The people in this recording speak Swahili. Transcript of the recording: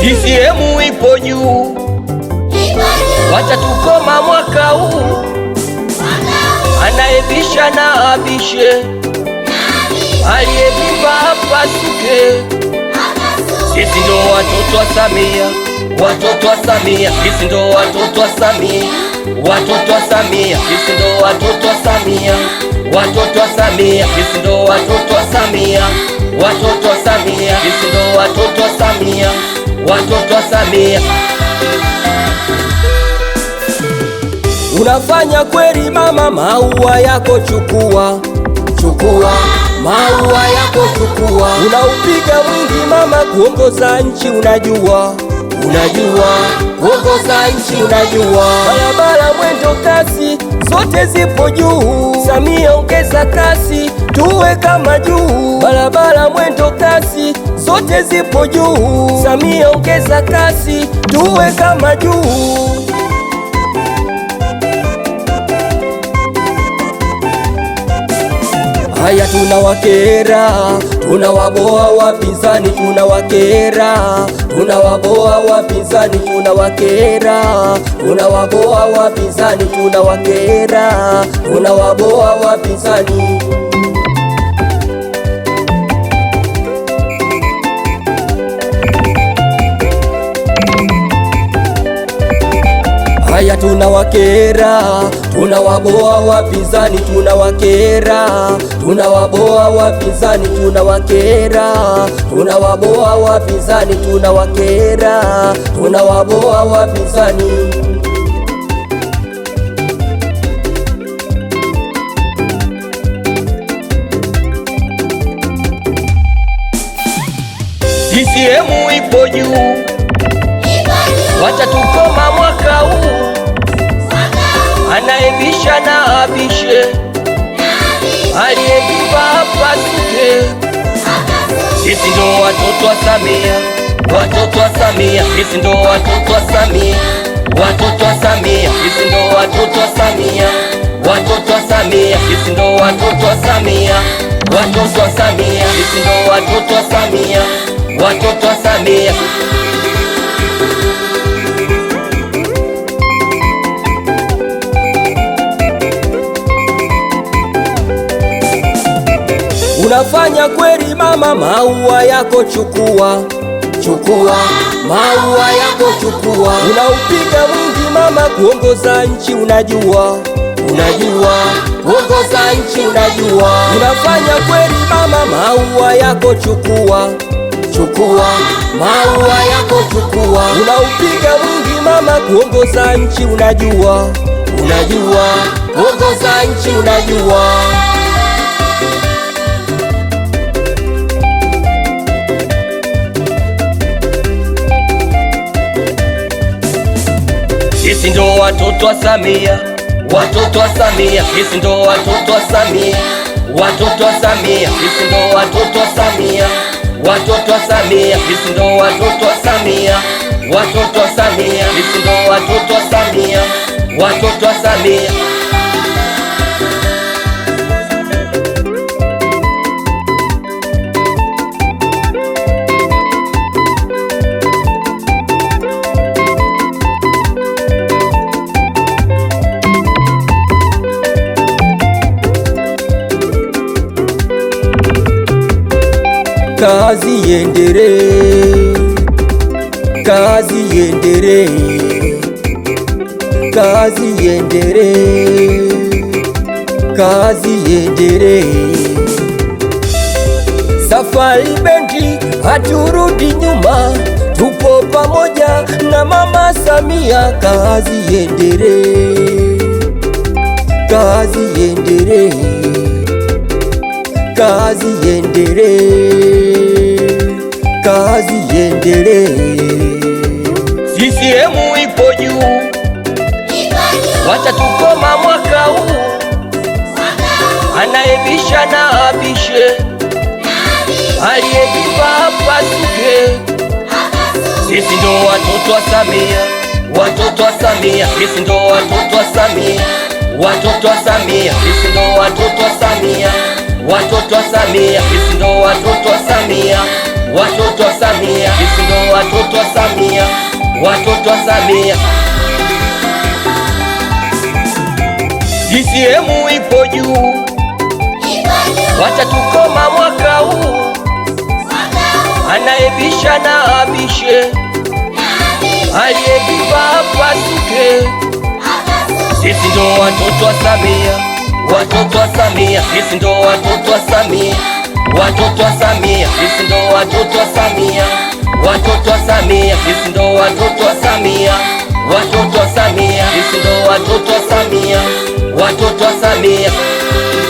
CCM ipo juu, wacha tukoma mwaka huu, anayebisha na abishe, aliyevimba hapasuke. Sisi ndo watoto wa Samia, watoto wa Samia, sisi ndo watoto wa Samia, watoto wa Samia, sisi ndo watoto wa Samia, watoto wa Samia, sisi ndo watoto wa Samia, watoto wa Samia, sisi ndo watoto wa Samia watoto wa Samia. Unafanya kweli mama, maua yako chukua chukua, maua yako chukua. Unaupiga mwingi mama, kuongoza nchi unajua unajua, kuongoza nchi unajua. Barabara mwendo kasi zote zipo juu Samia ongeza kasi, tuwe kama juu, barabara mwendo kasi zote zipo juu. Samia ongeza kasi, tuwe kama juu. haya tunawakera, tunawaboa wapinzani, tunawakera, tunawaboa wapinzani, tunawakera, tunawaboa wapinzani, tunawakera, waboa wapinzani tunawakera, tunawaboa wapinzani, tunawakera, tunawaboa wapinzani, tunawakera, tunawaboa wapinzani, tunawakera, tunawaboa wapinzani CCM ipo juu, wacha tukoma apasuke, aliyeiba apasuke. Sisi ndo watoto wa Samia, watoto wa Samia, sisi ndo watoto wa Samia, watoto wa Samia, sisi ndo watoto wa Samia, watoto wa Samia, sisi ndo watoto wa Samia, watoto wa Samia, sisi ndo Unafanya kweli mama, maua yako chukua, chukua maua yako chukua. Unaupiga mwingi mama, kuongoza nchi unajua, unajua kuongoza nchi unajua. Unafanya kweli mama, maua yako chukua, chukua maua yako chukua. Unaupiga mwingi mama, kuongoza nchi unajua, unajua kuongoza nchi unajua. Sisi ndo watoto wa Samia, watoto wa Samia, sisi ndo watoto wa Samia, watoto wa Samia, sisi ndo watoto wa Samia, watoto wa Samia, sisi ndo watoto wa Samia, watoto wa Samia, sisi ndo watoto wa Samia, watoto wa Samia kazi yendere kazi yendere kazi yendere kazi yendere Safari Bendi haturudi nyuma, tupo pamoja na Mama Samia, kazi yendere kazi yendere kazi yendere, kazi yendere. CCM ipo juu, wacha tukoma mwaka huu, anaebisha na abishe, aliyebiba hapasuke. Sisi ndo watoto wa Samia, watoto wa Samia, sisi ndo watoto wa Samia, watoto wa Samia, sisi ndo watoto wa Samia watoto wa Samia, sisi ndo watoto wa Samia, watoto wa Samia, sisi ndo watoto wa Samia, watoto wa Samia. CCM ipo juu, wacha tukoma mwaka huu, anayebisha na abishe, aliyeiva apasuke. Sisi ndo watoto wa Samia watoto wa Samia, sisi ndo watoto wa Samia, watoto wa Samia, sisi ndo watoto wa Samia, watoto wa Samia, sisi ndo watoto wa Samia, watoto wa Samia, sisi ndo watoto wa Samia, watoto wa Samia.